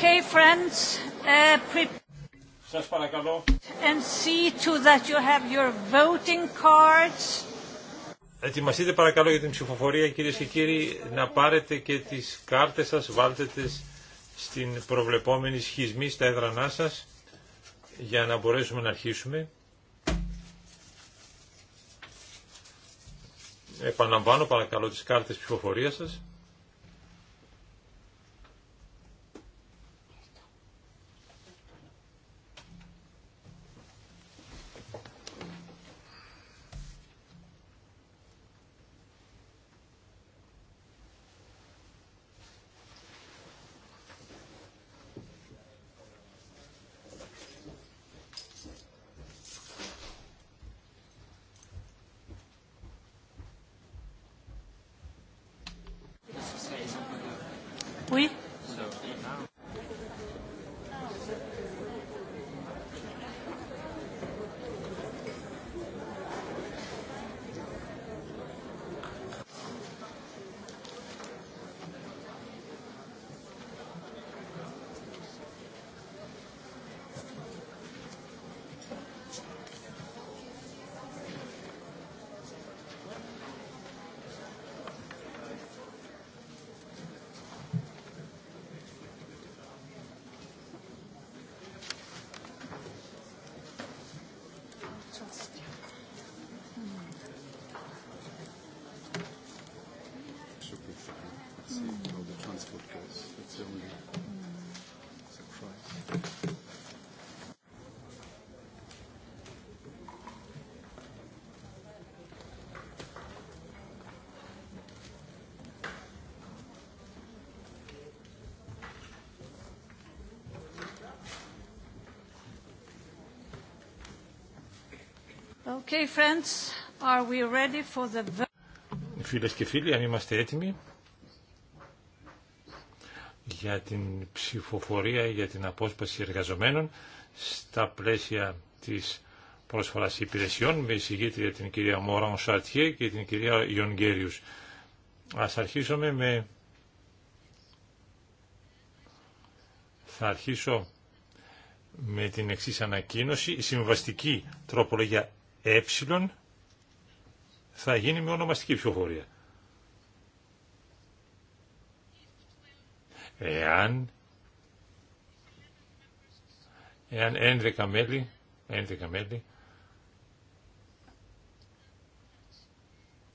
Okay, friends, uh, Σας παρακαλώ. And see to that you have your voting cards. Ετοιμαστείτε παρακαλώ για την ψηφοφορία κυρίες και κύριοι να πάρετε και τις κάρτες σας, βάλτε τις στην προβλεπόμενη σχισμή στα έδρανά σας για να μπορέσουμε να αρχίσουμε. Επαναλαμβάνω παρακαλώ τις κάρτες ψηφοφορίας σας. Okay, Φίλες και φίλοι, αν είμαστε έτοιμοι για την ψηφοφορία για την απόσπαση εργαζομένων στα πλαίσια της πρόσφορας υπηρεσιών με εισηγήτρια την κυρία Μωράν Σαρτιέ και την κυρία Ιονγκέριους. Ας αρχίσουμε με... Θα αρχίσω με την εξής ανακοίνωση. Η συμβαστική τροπολογία ε θα γίνει με ονομαστική ψηφοφορία. Εάν, εάν 11 μέλη, 11 μέλη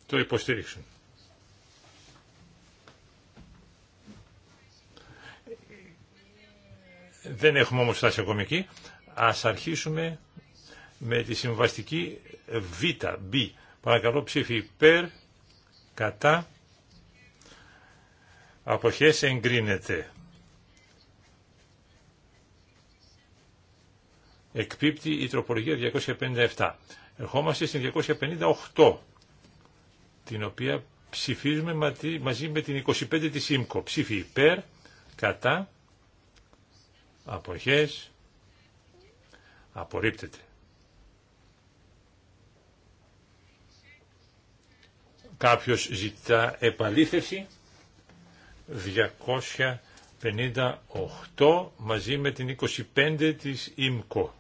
το υποστήριξουν. Δεν έχουμε όμως φτάσει ακόμη εκεί. Ας αρχίσουμε με τη συμβαστική Β, B. Παρακαλώ ψήφι υπέρ, κατά, αποχές εγκρίνεται. Εκπίπτει η τροπολογία 257. Ερχόμαστε στην 258, την οποία ψηφίζουμε μαζί με την 25 της ΣΥΜΚΟ. Ψήφι υπέρ, κατά, αποχές, απορρίπτεται. Κάποιος ζητά επαλήθευση 258 μαζί με την 25 της ΙΜΚΟ.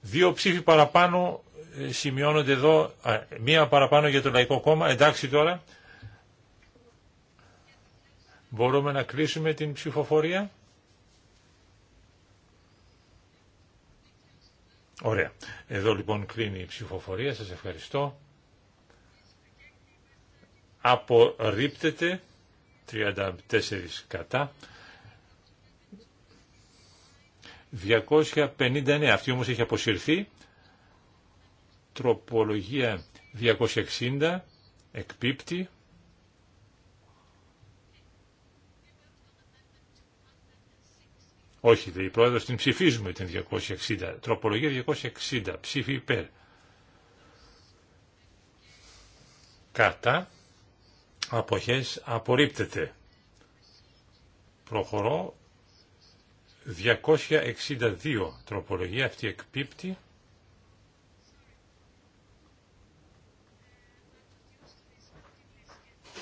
Δύο ψήφοι παραπάνω ε, σημειώνονται εδώ, μία παραπάνω για το Λαϊκό Κόμμα. Εντάξει τώρα, μπορούμε να κλείσουμε την ψηφοφορία. Ωραία. Εδώ λοιπόν κλείνει η ψηφοφορία. Σας ευχαριστώ απορρίπτεται 34 κατά 259 αυτή όμως έχει αποσυρθεί τροπολογία 260 εκπίπτει όχι δε, η πρόεδρος την ψηφίζουμε την 260 τροπολογία 260 ψήφι υπέρ κατά αποχές απορρίπτεται. Προχωρώ. 262 τροπολογία αυτή εκπίπτει.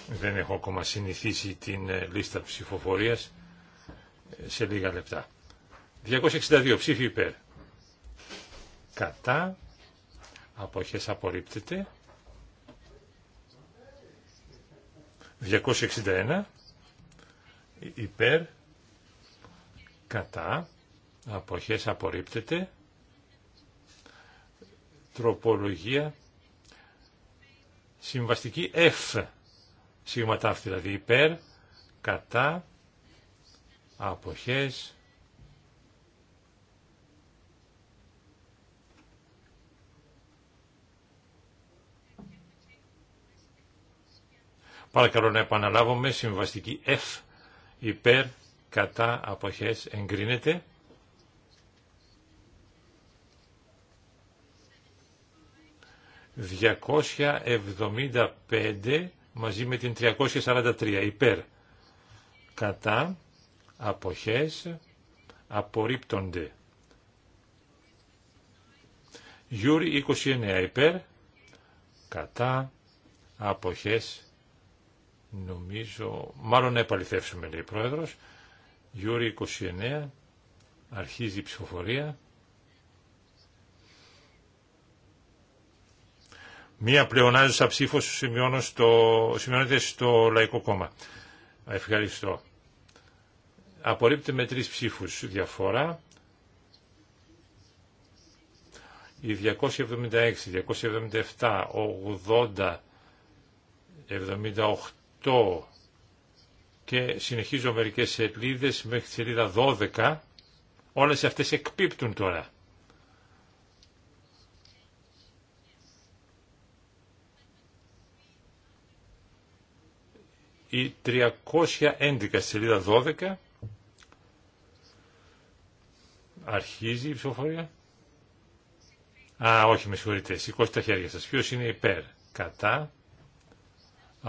Δεν έχω ακόμα συνηθίσει την ε, λίστα ψηφοφορίας ε, σε λίγα λεπτά. 262 ψήφι υπέρ. Κατά. Αποχές απορρίπτεται. 261 υπέρ κατά αποχές απορρίπτεται τροπολογία συμβαστική F αυτή δηλαδή υπέρ κατά αποχές Παρακαλώ να επαναλάβουμε συμβαστική F υπέρ κατά αποχές εγκρίνεται. 275 μαζί με την 343 υπέρ κατά αποχές απορρίπτονται. Γιούρι 29 υπέρ κατά αποχές Νομίζω, μάλλον να επαληθεύσουμε λέει ο Πρόεδρος. Γιούρι 29, αρχίζει η ψηφοφορία. Μία πλεονάζουσα ψήφος σημειώνω στο, σημειώνεται στο Λαϊκό Κόμμα. Ευχαριστώ. Απορρίπτεται με τρεις ψήφους διαφορά. Οι 276, 277, 80, το και συνεχίζω μερικές σελίδες μέχρι τη σελίδα 12 όλες αυτές εκπίπτουν τώρα η 311 σελίδα 12 αρχίζει η ψηφοφορία α όχι με συγχωρείτε σηκώστε τα χέρια σας ποιος είναι υπέρ κατά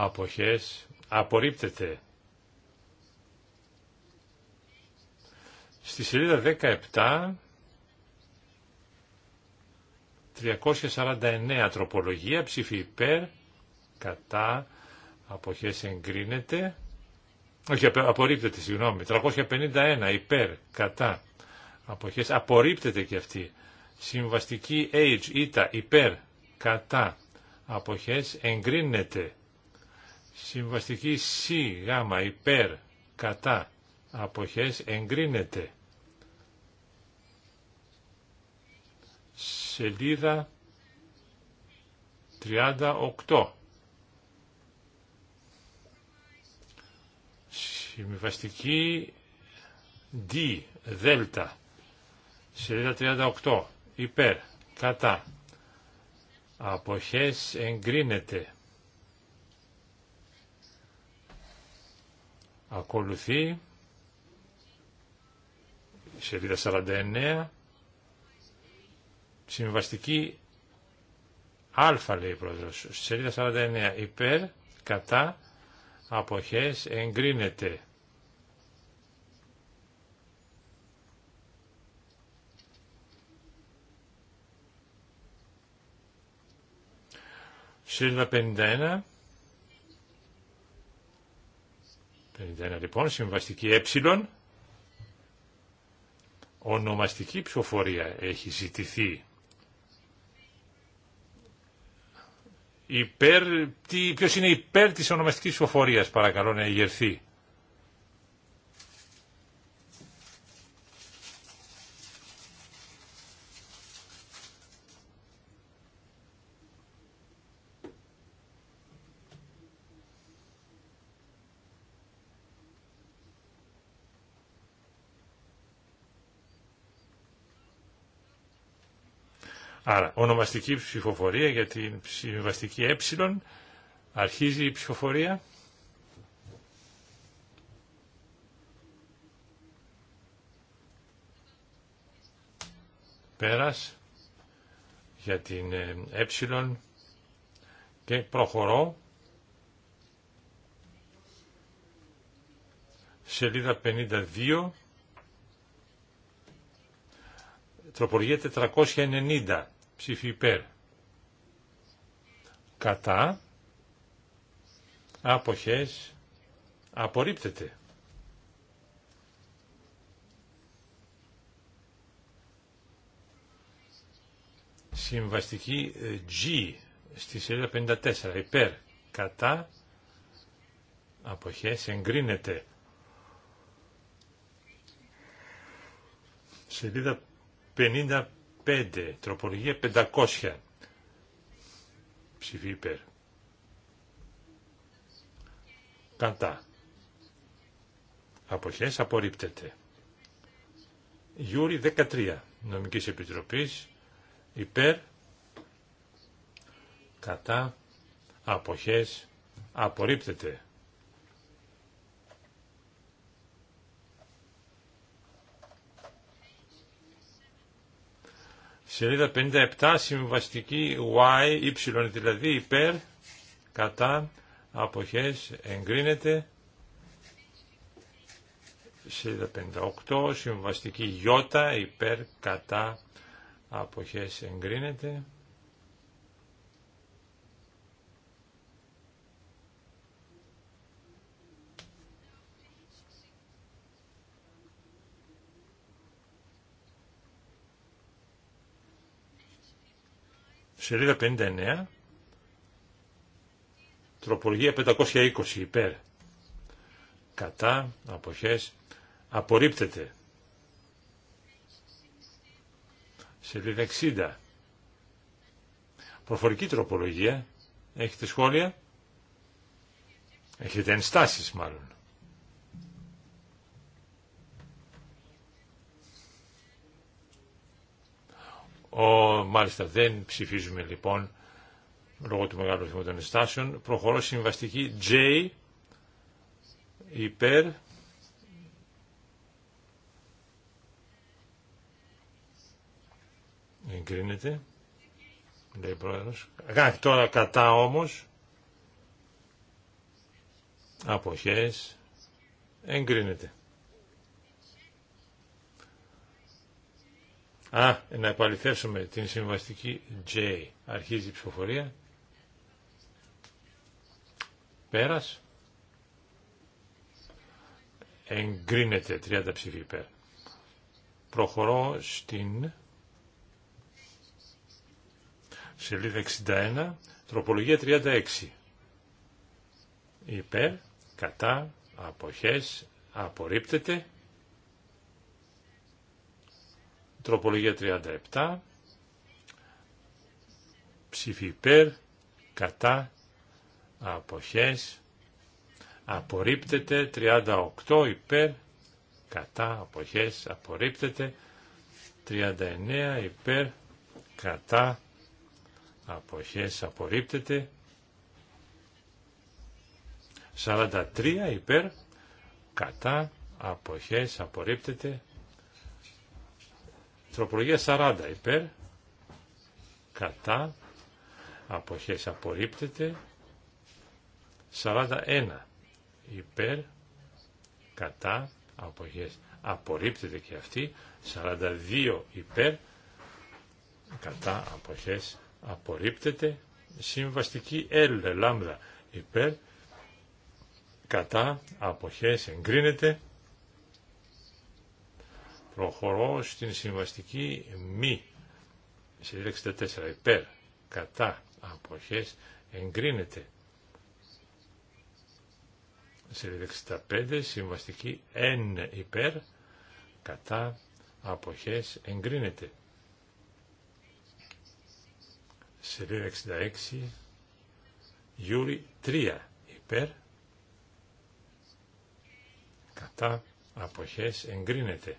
αποχές απορρίπτεται. Στη σελίδα 17, 349 τροπολογία, ψήφι υπέρ, κατά, αποχές εγκρίνεται, όχι απορρίπτεται, συγγνώμη, 351 υπέρ, κατά, αποχές, απορρίπτεται και αυτή. Συμβαστική age. ήτα, υπέρ, κατά, αποχές εγκρίνεται. Συμβαστική σί γάμα υπέρ, κατά, αποχές εγκρίνεται. Σελίδα 38. Συμβαστική D, Δέλτα. Σελίδα 38. Υπέρ, κατά. Αποχές εγκρίνεται. Ακολουθεί σελίδα 49 συμβαστική α λέει η πρόεδρος σελίδα 49 υπέρ κατά αποχές εγκρίνεται σελίδα 51 51 λοιπόν, συμβαστική ε, ονομαστική ψηφοφορία έχει ζητηθεί. Υπέρ, ποιος είναι υπέρ της ονομαστικής ψηφοφορίας παρακαλώ να ηγερθεί. Άρα, ονομαστική ψηφοφορία για την συμβαστική ε. Αρχίζει η ψηφοφορία. Πέρας για την ε, ε και προχωρώ σελίδα 52 τροπολογία 490 ψήφι υπέρ. Κατά. Αποχές. Απορρίπτεται. Συμβαστική ε, G στη σελίδα 54. Υπέρ. Κατά. Αποχές. Εγκρίνεται. Σελίδα 55 5, τροπολογία 500. Ψηφί υπέρ. Κατά. Αποχές απορρίπτεται. Γιούρι 13, νομικής επιτροπής, υπέρ, κατά, αποχές, απορρίπτεται. Σελίδα 57, συμβαστική Y, Y δηλαδή υπέρ, κατά, αποχές, εγκρίνεται. Σελίδα 58, συμβαστική Y, υπέρ, κατά, αποχές, εγκρίνεται. Σελίδα 59, τροπολογία 520 υπέρ. Κατά, αποχές, απορρίπτεται. Σελίδα 60. Προφορική τροπολογία. Έχετε σχόλια. Έχετε ενστάσεις μάλλον. Ο, μάλιστα δεν ψηφίζουμε λοιπόν λόγω του μεγάλου ρυθμού των ενστάσεων. Προχωρώ συμβαστική J υπέρ εγκρίνεται λέει πρόεδρος τώρα κατά όμως αποχές εγκρίνεται Α, να επαληθεύσουμε την συμβαστική J. Αρχίζει η ψηφοφορία. Πέρας. Εγκρίνεται 30 ψηφί υπέρ. Προχωρώ στην σελίδα 61, τροπολογία 36. Υπέρ, κατά, αποχές, απορρίπτεται. Τροπολογία 37. Ψήφι υπέρ, κατά, αποχές, απορρίπτεται. 38 υπέρ, κατά, αποχές, απορρίπτεται. 39 υπέρ, κατά, αποχές, απορρίπτεται. 43 υπέρ, κατά, αποχές, απορρίπτεται. Τροπολογία 40 υπέρ, κατά, αποχές απορρίπτεται. 41 υπέρ, κατά, αποχές απορρίπτεται και αυτή. 42 υπέρ, κατά, αποχές απορρίπτεται. Συμβαστική L, λάμδα υπέρ, κατά, αποχές εγκρίνεται. Προχωρώ στην συμβαστική μη. Σε 64 υπέρ κατά αποχές εγκρίνεται. Σε 65 συμβαστική εν υπέρ κατά αποχές εγκρίνεται. Σελίδα 66, Γιούρι 3, υπέρ, κατά, αποχές, εγκρίνεται.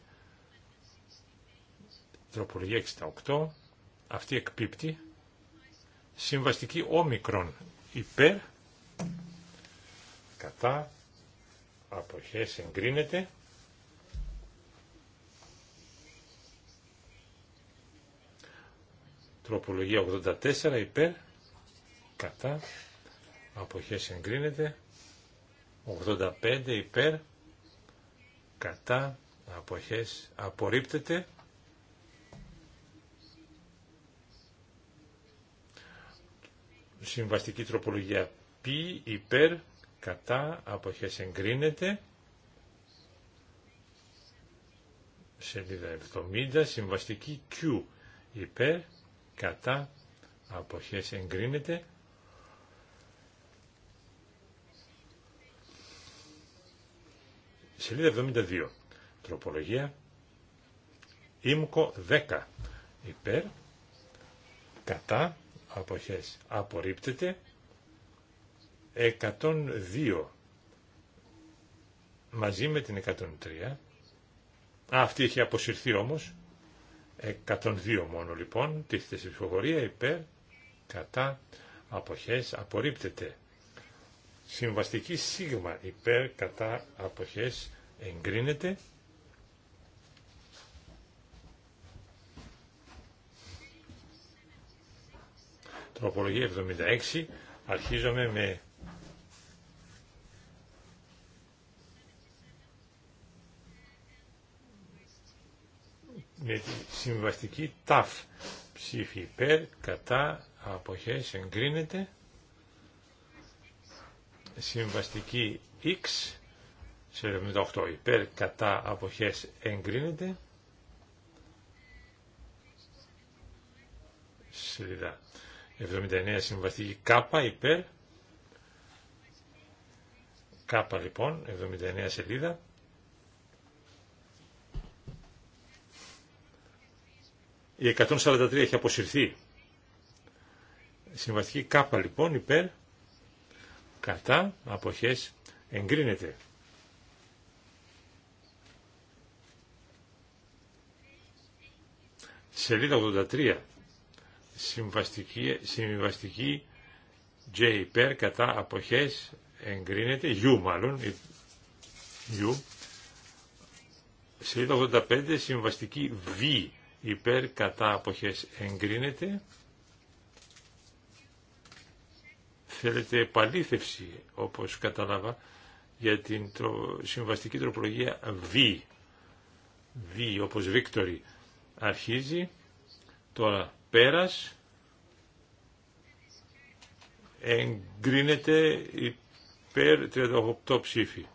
Τροπολογία 68. Αυτή εκπίπτει. Συμβαστική όμικρον υπέρ. Κατά. Αποχές εγκρίνεται. Τροπολογία 84 υπέρ. Κατά. Αποχές εγκρίνεται. 85 υπέρ. Κατά. Αποχές απορρίπτεται. Συμβαστική τροπολογία π, υπέρ, κατά, αποχές εγκρίνεται. Σελίδα 70, συμβαστική Q, υπέρ, κατά, αποχές εγκρίνεται. Σελίδα 72, τροπολογία, ΙΜΚΟ 10, υπέρ, κατά, αποχές απορρίπτεται 102 μαζί με την 103 Α, αυτή έχει αποσυρθεί όμως 102 μόνο λοιπόν τίθεται σε ψηφοφορία υπέρ κατά αποχές απορρίπτεται συμβαστική σίγμα υπέρ κατά αποχές εγκρίνεται Τροπολογία 76. Αρχίζομαι με... με τη συμβαστική ΤΑΦ. Ψήφι υπέρ, κατά, αποχές, εγκρίνεται. Συμβαστική X, σε 78 υπέρ, κατά, αποχές, εγκρίνεται. Σελίδα 79 συμβαστική κάπα υπέρ. Κάπα λοιπόν, 79 σελίδα. Η 143 έχει αποσυρθεί. Συμβαστική κάπα λοιπόν υπέρ. Κατά αποχές εγκρίνεται. Σελίδα 83. Συμβαστική, συμβαστική J υπέρ κατά αποχές εγκρίνεται, U μάλλον, U. Σελίδα 85, συμβαστική V υπέρ κατά αποχές εγκρίνεται. Θέλετε επαλήθευση, όπως κατάλαβα, για την συμβαστική τροπολογία V. V, όπως Victory, αρχίζει. Τώρα πέρας εγκρίνεται υπέρ 38 ψήφι.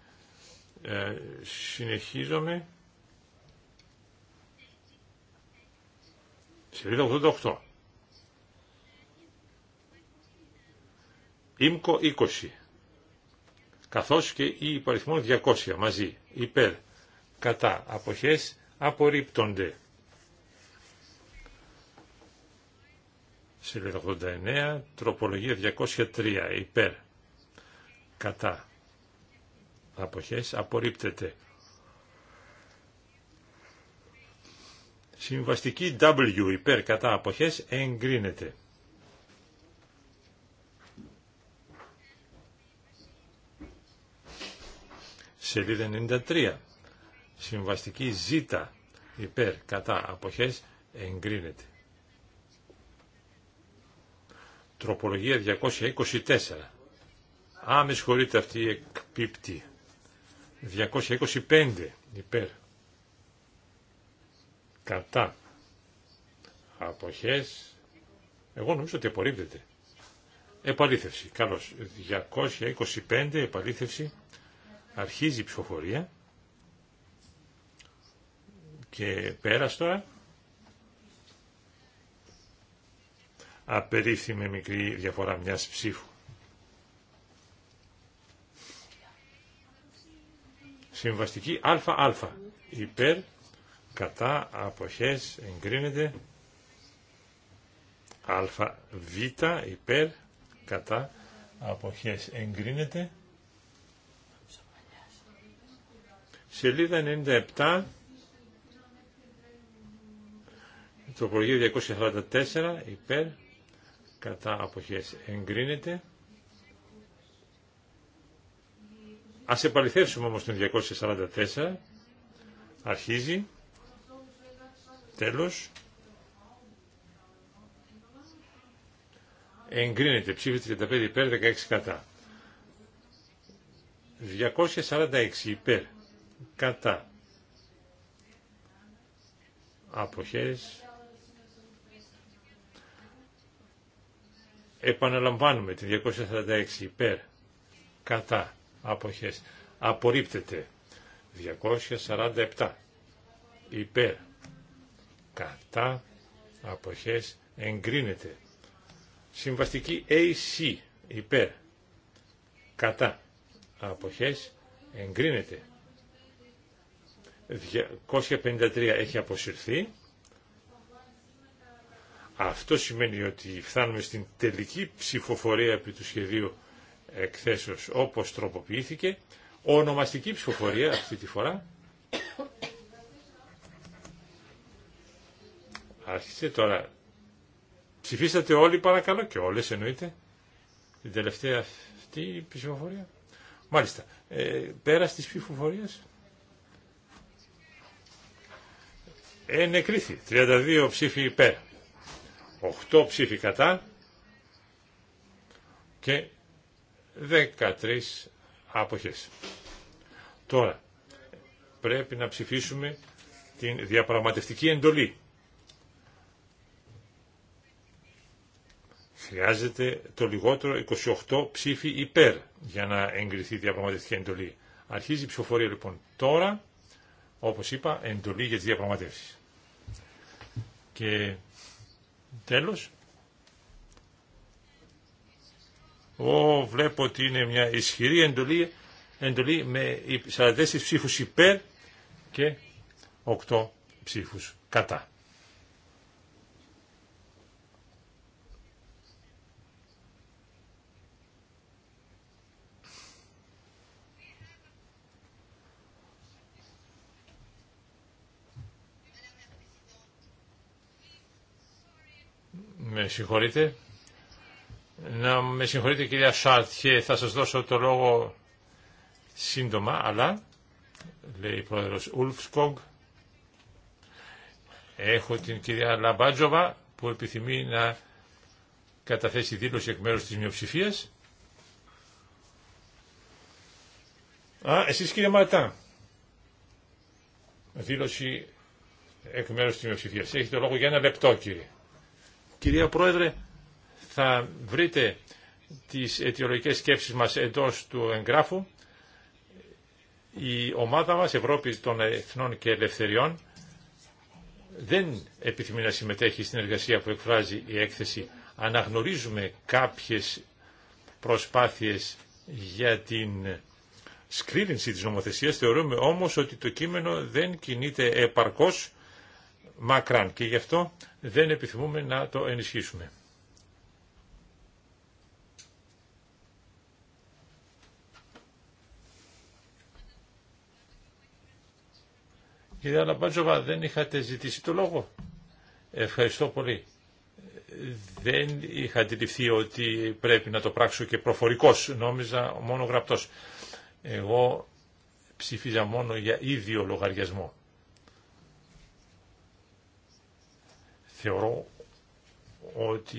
Ε, συνεχίζομαι. Σελίδα 88. Ήμκο 20. Καθώς και η υπαριθμόν 200 μαζί. Υπέρ. Κατά. Αποχές απορρίπτονται. Σελίδα 89, τροπολογία 203, υπέρ, κατά, αποχές, απορρίπτεται. Συμβαστική W, υπέρ, κατά, αποχές, εγκρίνεται. Σελίδα 93, συμβαστική Z, υπέρ, κατά, αποχές, εγκρίνεται. Τροπολογία 224. Α, με συγχωρείτε αυτή η εκπίπτη. 225 υπέρ. Κατά. Αποχές. Εγώ νομίζω ότι απορρίπτεται. Επαλήθευση. Καλώς. 225 επαλήθευση. Αρχίζει η ψηφοφορία. Και πέρας τώρα. απερίφθη με μικρή διαφορά μιας ψήφου. Συμβαστική ΑΑ. Υπέρ, κατά, αποχές, εγκρίνεται. ΑΒ, υπέρ, κατά, αποχές, εγκρίνεται. Σελίδα 97, προγείο 244, υπέρ, κατά αποχές εγκρίνεται. Ας επαληθεύσουμε όμως τον 244. Αρχίζει. Τέλος. Εγκρίνεται. Ψήφι 35 υπέρ, 16 κατά. 246 υπέρ, κατά. Αποχές Επαναλαμβάνουμε τη 246 υπέρ κατά αποχές. Απορρίπτεται 247 υπέρ κατά αποχές εγκρίνεται. Συμβαστική AC υπέρ κατά αποχές εγκρίνεται. 253 έχει αποσυρθεί. Αυτό σημαίνει ότι φτάνουμε στην τελική ψηφοφορία επί του σχεδίου εκθέσεως όπως τροποποιήθηκε, ονομαστική ψηφοφορία αυτή τη φορά. Άρχισε τώρα. Ψηφίσατε όλοι παρακαλώ και όλες εννοείται την τελευταία αυτή ψηφοφορία. Μάλιστα. Ε, πέρα της ψηφοφορίας. Ε, ενεκρίθη. 32 ψήφοι υπέρ. 8 ψήφοι κατά και 13 άποχες. Τώρα, πρέπει να ψηφίσουμε την διαπραγματευτική εντολή. Χρειάζεται το λιγότερο 28 ψήφοι υπέρ για να εγκριθεί η διαπραγματευτική εντολή. Αρχίζει η ψηφοφορία λοιπόν τώρα, όπως είπα, εντολή για τις διαπραγματεύσεις. Και Τέλος. Ω, βλέπω ότι είναι μια ισχυρή εντολή, εντολή με 44 ψήφους υπέρ και 8 ψήφους κατά. Ε, συγχωρείτε. Να με συγχωρείτε κυρία Σάρτχε θα σας δώσω το λόγο σύντομα, αλλά, λέει ο πρόεδρος Ουλφσκογκ, έχω την κυρία Λαμπάτζοβα που επιθυμεί να καταθέσει δήλωση εκ μέρους της μειοψηφίας. Α, εσείς κύριε Μαρτά. Δήλωση εκ μέρους της μειοψηφίας. Έχετε το λόγο για ένα λεπτό κύριε. Κυρία Πρόεδρε, θα βρείτε τις αιτιολογικές σκέψεις μας εντός του εγγράφου. Η ομάδα μας, Ευρώπη των Εθνών και Ελευθεριών, δεν επιθυμεί να συμμετέχει στην εργασία που εκφράζει η έκθεση. Αναγνωρίζουμε κάποιες προσπάθειες για την σκρίνηση της νομοθεσίας. Θεωρούμε όμως ότι το κείμενο δεν κινείται επαρκώς μακράν και γι' αυτό δεν επιθυμούμε να το ενισχύσουμε. Κύριε Αλαμπάντζοβα, δεν είχατε ζητήσει το λόγο. Ευχαριστώ πολύ. Δεν είχα αντιληφθεί ότι πρέπει να το πράξω και προφορικός, νόμιζα μόνο γραπτός. Εγώ ψηφίζα μόνο για ίδιο λογαριασμό. Θεωρώ ότι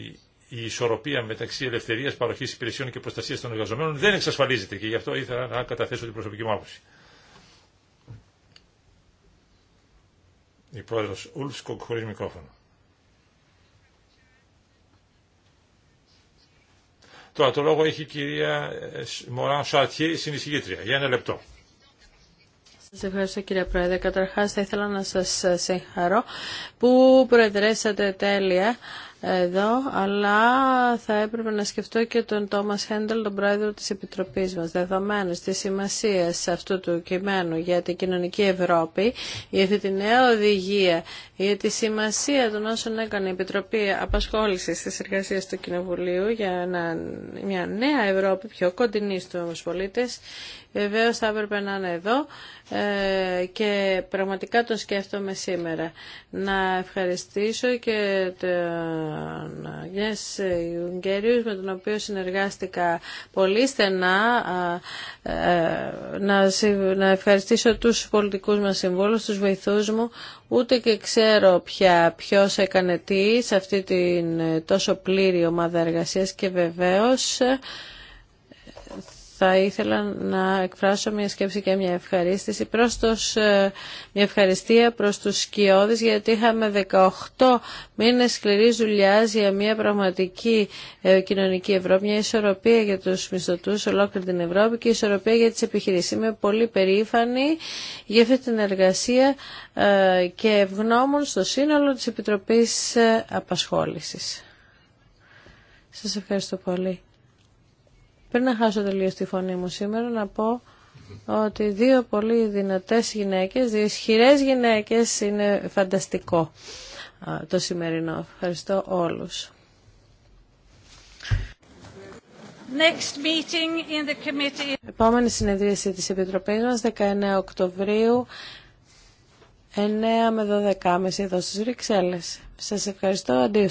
η ισορροπία μεταξύ ελευθερίας παροχής υπηρεσιών και προστασίας των εργαζομένων δεν εξασφαλίζεται και γι' αυτό ήθελα να καταθέσω την προσωπική μου άποψη. Η πρόεδρος Ουλφσκοκ χωρί μικρόφωνο. Τώρα το λόγο έχει η κυρία Μωράν Σαρτιέ, συνεισηγήτρια. Για ένα λεπτό. Σας ευχαριστώ κύριε Πρόεδρε. Καταρχάς θα ήθελα να σας συγχαρώ που προεδρέσατε τέλεια εδώ, αλλά θα έπρεπε να σκεφτώ και τον Τόμα Χέντελ, τον πρόεδρο της Επιτροπής μας, δεδομένως τη σημασία αυτού του κειμένου για την κοινωνική Ευρώπη, για αυτή τη νέα οδηγία, για τη σημασία των όσων έκανε η Επιτροπή απασχόληση τη εργασία του Κοινοβουλίου για μια νέα Ευρώπη πιο κοντινή στους πολίτε, Βεβαίω θα έπρεπε να είναι εδώ ε, και πραγματικά το σκέφτομαι σήμερα. Να ευχαριστήσω και το Γιάννης ε, Ιουγγέριους με τον οποίο συνεργάστηκα πολύ στενά ε, ε, να ευχαριστήσω τους πολιτικούς μας συμβόλους, τους βοηθούς μου ούτε και ξέρω πια ποιος έκανε τι σε αυτή την τόσο πλήρη ομάδα εργασίας και βεβαίως θα ήθελα να εκφράσω μια σκέψη και μια ευχαρίστηση προς τους, ε, μια ευχαριστία προς τους σκιώδεις γιατί είχαμε 18 μήνες σκληρή δουλειά για μια πραγματική ε, κοινωνική Ευρώπη, μια ισορροπία για τους μισθωτούς ολόκληρη την Ευρώπη και ισορροπία για τις επιχειρήσεις. Είμαι πολύ περήφανη για αυτή την εργασία ε, και ευγνώμων στο σύνολο της Επιτροπής Απασχόλησης. Σας ευχαριστώ πολύ. Πριν να χάσω τελείω τη φωνή μου σήμερα να πω ότι δύο πολύ δυνατές γυναίκες, δύο ισχυρές γυναίκες είναι φανταστικό το σημερινό. Ευχαριστώ όλους. Next meeting in the committee. Επόμενη συνεδρίαση της Επιτροπής μας 19 Οκτωβρίου 9 με 12 εδώ στις Βρυξέλλες. Σας ευχαριστώ. Αντίο